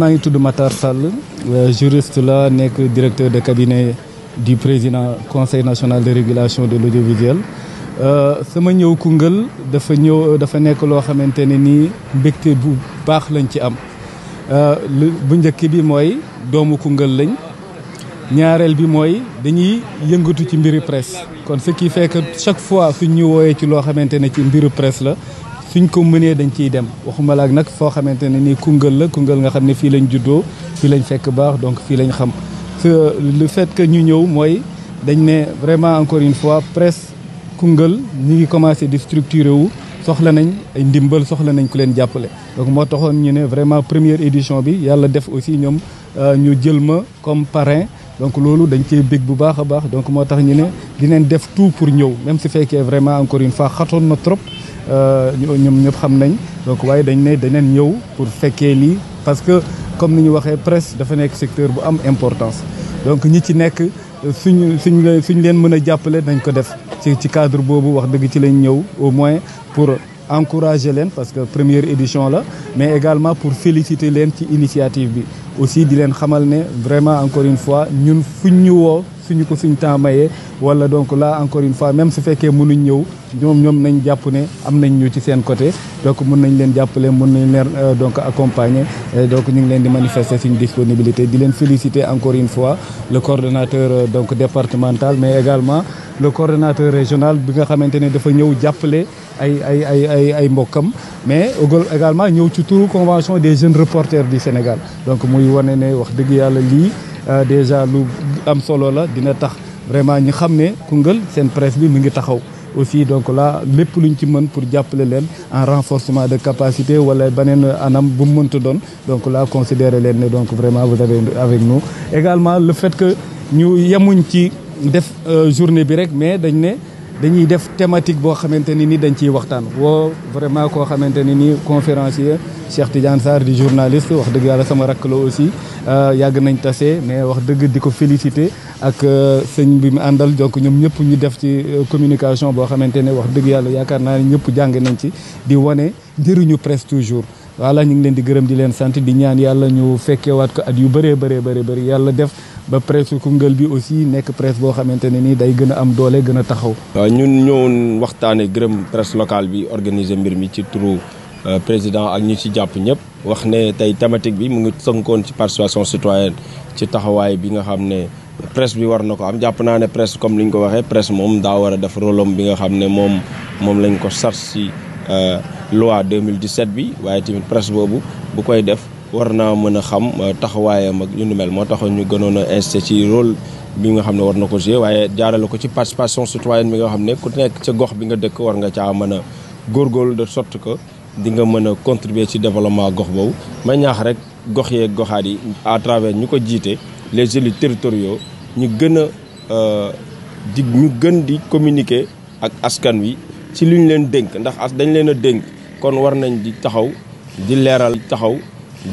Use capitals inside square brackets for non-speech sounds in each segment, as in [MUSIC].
maa ngi tudd Matar Sall euh, juriste la nekk directeur de cabinet du président conseil national de régulation de l'audiovisuel euh, sama ñëw Koungheul dafa ñëw dafa nekk loo xamante ne nii mbégte bu baax lañ ci am euh, bu njëkk bi mooy doomu Koungheul lañ ñaareel bi mooy dañuy yëngatu ci mbiru presse kon ce qui fait que chaque fois suñ ñu wooyee ci loo xamante ne ci mbiru presse la suñ ko dañ ciy dem waxuma la nga lañ le fait que nous ñëw vraiment encore une fois presse nous ñi commencé di wu soxla nañ ay ndimbal soxla nañ donc nous taxoon ñu vraiment première édition bi yàlla def aussi euh, ñu comme parrain donc loolu dañ bu donc tax tout pour nous. même si fekkee vraiment encore une fois na euh, ñoom ñëpp xam nañ donc waye dañ né dañen ñëw pour féké li parce que comme ni waxé presse dafa nekk secteur bu am importance donc ñi ci nekk suñ suñ suñ leen mëna jappalé dañ ko def ci ci cadre bobu wax dëgg ci lañ ñëw au moins pour encourager leen parce que première édition la mais également pour féliciter leen ci initiative bi aussi di len xamal ne vraiment encore une fois ñun nous ñu woo suñu ko temps mayee wala donc là encore une fois même su féké que ñëw ñom ñom nañ sommes né am nañ ñu ci sen côté donc nous nañ len jàppale mën nañ euh, donc accompagner donc ñu ngi leen di manifester disponibilité di len féliciter encore une fois le coordonnateur euh, donc départemental mais également le coordonnateur régional bi nga xamante de dafa ñëw jàppale ay ay ay ay mais également ñëw ci tous convention des jeunes reporters du Sénégal donc muy wane ne wax dëgg yàlla lii euh, déjà lu am solo la dina tax vraiment ñu xam ne Koungheul seen presse bi mi ngi taxaw aussi donc là lépp luñ ci mën pour jàppale leen en renforcement de capacité wala beneen anam bu mu mënta doon donc là considérer leen ne donc vraiment vous avez avec nous également le fait que ñu yemuñ ci def euh, journée bi rek mais dañ ne dañuy def tématique boo xamante ni ni dañ ciy waxtaan woo vraiment koo xamante ni ni conférencier Cheikh Tidiane saar di journaliste wax dëgg yàlla sama rakk la aussi euh, yàgg nañ tase mais wax dëgg di ko félicité ak euh, sëñ bi mu àndal donc ñoom ñëpp ñu def ci euh, communication boo xamante ne wax dëgg yàlla yaakaar naa ne ñëpp jàng nañ ci di wane njëriñu presse toujours voilà ñu ngi leen di gërëm di leen sant di ñaan yàlla ñu fekkewaat ko at yu bëree bëree bëri bëri yàlla def ba presse Koungheul bi aussi nek presse bo xamanteni ni day gëna am doole gëna taxaw. waaw ñun ñëwoon waxtane gërem presse locale bi organiser mbir mi ci trou euh, président ak ñu ci japp ñep wax ne tay thématique bi mu ngi sonkon ci participation citoyenne ci taxaway bi nga xam presse bi war nako am japp na ne presse comme liñ ko waxee presse mom da wara def rôlam bi nga xam mom mom lañ ko sar si euh, loi 2017 bi waye timit presse bobu bu koy def war naa mën a xam euh, taxawaayam mag ñu nu mel moo taxoon ñu gënoon a ci rôle bi nga xam ne war na ko jouer waaye jaarale ko ci participation citoyenne bi nga xam ne ku nekk ca gox bi nga dëkk war nga caa mën a góorgóorlu de sorte que di nga mën a contribuer ci développement gox boobu ma ñaax rek gox yee goxaat yi à travers ñu ko jiite les élus territoriaux ñu gën a euh, di ñu gën di communiquer ak askan wi ci li ñu leen dénk ndax as dañ leen a dénk kon war nañ di taxaw di leeral taxaw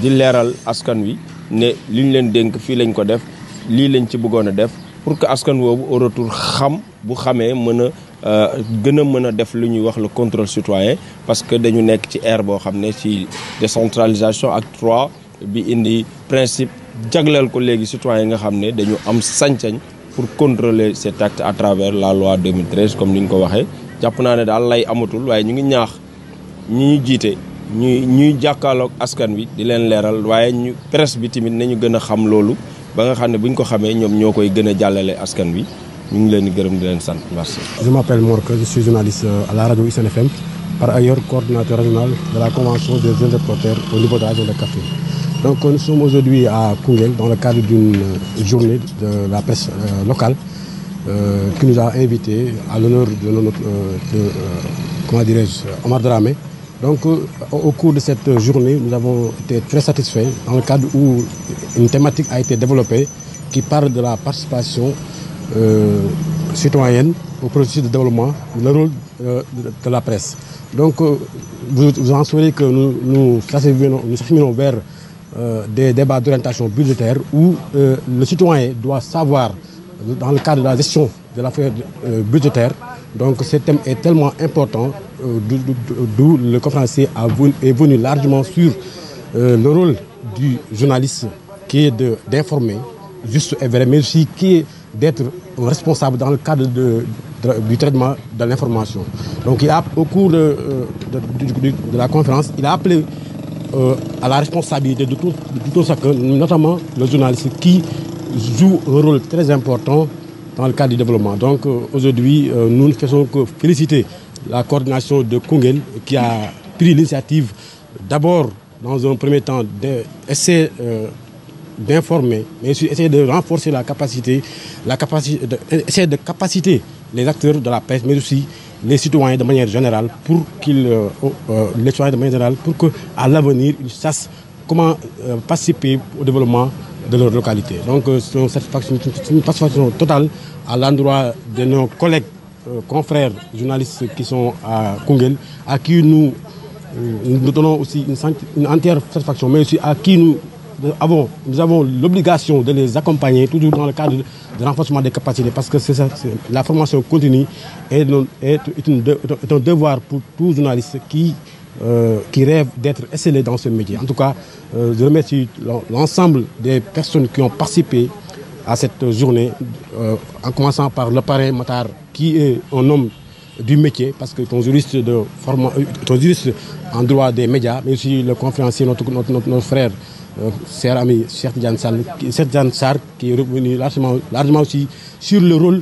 di leeral askan wi ne li ñu leen dénk fii lañ ko def lii lañ ci bëggoon a def pour que askan woowu au retour xam bu xamee mën a euh, gën a mën a def lu ñuy wax la contrôle citoyen parce que dañu nekk ci ère boo xam ne ci décentralisation ak trois bi indi principe jagleel ko léegi citoyen yi nga xam ne dañu am sañ-sañ pour contrôler cet acte à travers la loi 2013 comme ni ñu ko waxee jàpp naa ne daal lay amatul waaye ñu ngi ñaax ñi ñu jiite ñuy ñuy jàkkaarloog askan wi di leen leeral waaye ñu presse bi tamit nañu gën a xam loolu ba nga xam ne bu ñu ko xamee ñoom ñoo koy gën askan wi ñu ngi leen di leen sant merci. je m'appelle Mork je suis journaliste euh, à la radio ISN par ailleurs coordinateur régional de la convention des jeunes reporters au niveau de la région de Café. Donc euh, nous sommes aujourd'hui à Koungel dans le cadre d'une euh, journée de la presse locale qui nous a invités à l'honneur de notre de, comment Omar Dramé, donc, euh, au cours de cette journée, nous avons été très satisfaits dans le cadre où une thématique a été développée qui parle de la participation euh, citoyenne au processus de développement, le rôle euh, de la presse. Donc, vous, vous, en saurez que nous nous terminons vers des débats d'orientation budgétaire où le citoyen doit savoir, dans le cadre de la gestion de l'affaire budgétaire, donc ce thème est tellement important, euh, d'où le conférencier est venu largement sur euh, le rôle du journaliste qui est d'informer, juste et vrai, mais aussi qui est d'être responsable dans le cadre de, du traitement de l'information. Donc il a, au cours de, euh, la conférence, il a appelé à la responsabilité de tout, tout notamment le journaliste qui joue un rôle très important dans le cadre du développement. Donc euh, aujourd'hui, euh, nous ne faisons que féliciter la coordination de Kungen qui a pris l'initiative d'abord, dans un premier temps, d'essayer euh, d'informer, mais essayer de renforcer la capacité, la capacité de, de capaciter les acteurs de la pêche, mais aussi les citoyens de manière générale, pour qu'ils, de manière générale, pour qu'à l'avenir, ils sachent comment participer au développement de leur localité. Donc euh, c'est une satisfaction, totale à l'endroit de nos collègues, euh, confrères, journalistes qui sont à Kungel, à qui nous, euh, nous donnons aussi une, entière satisfaction, mais aussi à qui nous avons, nous avons l'obligation de les accompagner, toujours dans le cadre de renforcement des capacités, parce que ça, la formation continue est, est, un devoir pour tout journaliste qui euh, qui rêvent d'être excellés dans ce métier. En tout cas, euh, je remercie l'ensemble des personnes qui ont participé à cette journée, euh, en commençant par le parrain Matar, qui est un homme du métier, parce que ton juriste, de juriste en droit des médias, mais aussi le conférencier, notre, notre, notre, frère, cher ami qui est revenu largement, largement aussi sur le rôle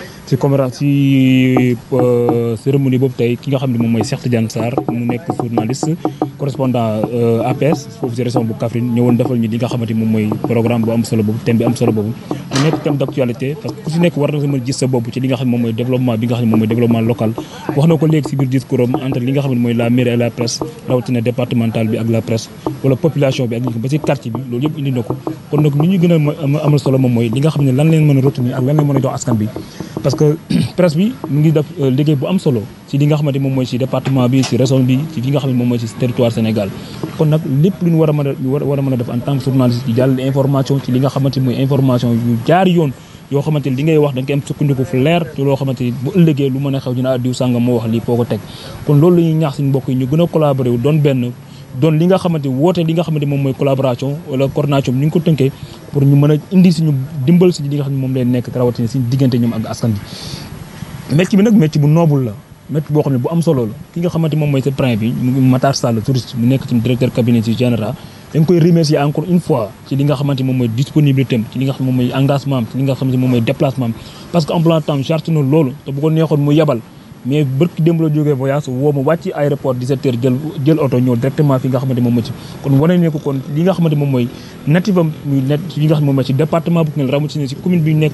ci conférence ci euh, cérémonie boobu tey ki nga xam ne moom mooy Cheikh Tidiane mu nekk journaliste correspondant euh, APS foofu ci région bu Kaffrine ñëwoon defal ñu li nga xamante moom mooy programme bu am solo boobu thème bi am solo boobu mu nekk thème d'actualité parce que ku ci nekk war na sa mën gis sa bopp ci li nga xam ne moom mooy développement bi nga xam ne moom mooy développement local wax na ko léegi ci biir discours am entre li nga xam ne mooy la mairie na ko kon moom mooy li nga xam ne a a jox askan bi parce que [CLEARS THROAT] presse bi mu ngi def euh, liggéey bu am solo ci li nga xamante moom mooy ci département bi ci région bi ci fi nga xam ne moom mooy ci territoire Sénégal kon a a war a mën a def en tant que journaliste ci jàllale mooy information yu jaar yoon yoo xamante li ngay wax da nga koy am sukkandiku fu leer te loo xamante ni bu ëllëgee lu mën a xew ñu ne ah diw sàngam moo wax lii foo ko teg kon loolu la ñuy ñaax mbokk ñu gën a collaborer doon benn doon li nga xamante woote li nga xamante moom mooy collaboration wala coordination bi ñu ko tënkee a indi suñu dimbal suñu li nga xam ne moom leen nekk rawatina suñu diggante ñoom ak askan bi métier bi nag métier bu noble la métier boo xam am solo la ki nga xamante moom mooy seen prin bi mu ngi Matar Sall mu nekk ci directeur cabinet ci général dañ koy remercier encore une fois ci li nga xamante moom mooy disponibilité am ci li nga xam moom mooy engagement ci li nga xamante moom mooy déplacement parce que en plan temps charge loolu te bu neexoon mu yebal mais bërki démb la jógee voyage woo ma wàcc aéroport 17h jël jël oto ñëw directement fi nga xamante moom ma ci kon wane ne mooy natif muy net moom ma ci département bu nekk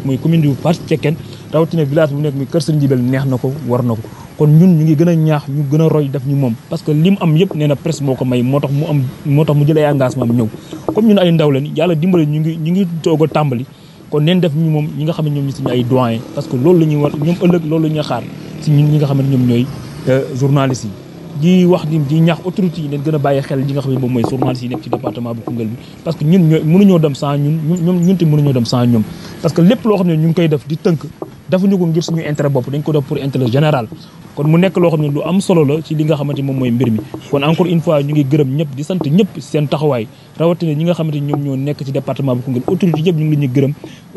muy Kër Sëriñ Jibel neex na ko war na ko kon ñun ñu ngi gën a ñaax ñu gën a roy def ñu moom parce que li mu am yëpp nee na presse moo ko may moo tax mu am moo tax mu jël ay engagement am ñëw comme ñun ay ndaw leen yàlla dimbali ñu ngi ñu ngi toog a tàmbali kon neen def ñu moom ñi nga xam ne ñoom ñu suñu ay doyen parce ñun ñi nga xam ñoom ñooy euh, nekk ci département bi parce que ñu ngi koy def di tënk gërëm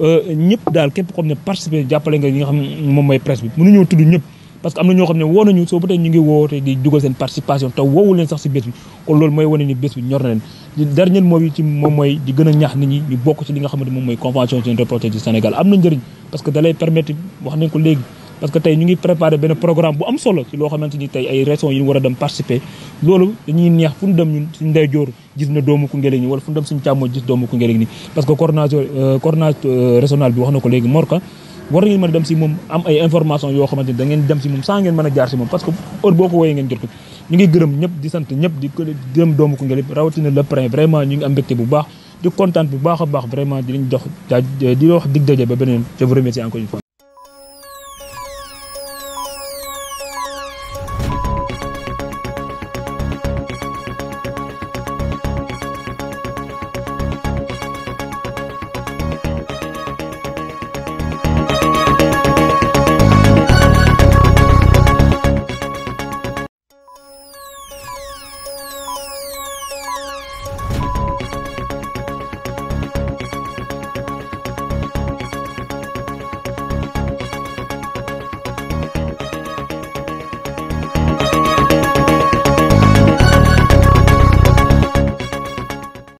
euh, ñëpp daal képp xam ne participé jàppale nga ñi nga xam moom mooy tudd ñëpp parce que am na ñoo xam ne woo nañu soo ba tey ñu ngi woote di dugal seen participation te woowu leen sax si bés bi kon loolu mooy wane ni bés bi ñor na leen dernier mot bi ci moom mooy di gën a ñaax nit bokk ci li nga xamante moom mooy convention seen reporter du Sénégal am na njëriñ parce que da lay permettre wax nañ ko léegi parce que tey ñu ngi préparé benn programme bu am solo ci loo xamante ni tey ay raisons yi war a dem participer loolu dañuy neex fu ñu dem ñun suñ ndey joor gis na doomu Koungheul ñi wala fu ñu dem suñ càmmo gis doomu Koungheul ñi parce que coordonnateur euh, coordonnateur euh, régional bi wax na ko léegi Morka war ngeen mën a dem si moom am ay information yoo xamante ni ngeen dem si moom sans ngeen mën a jaar si moom parce que heure boo ko wooyee ngeen jot ko ñu ngi gërëm ñëpp di sant ñëpp di gërëm doomu Koungheul yëpp rawatina le prin vraiment ñu ngi am mbégte bu baax di kontaan bu baax a baax vraiment di jox di wax dig daje ba beneen je vous remercie encore une fois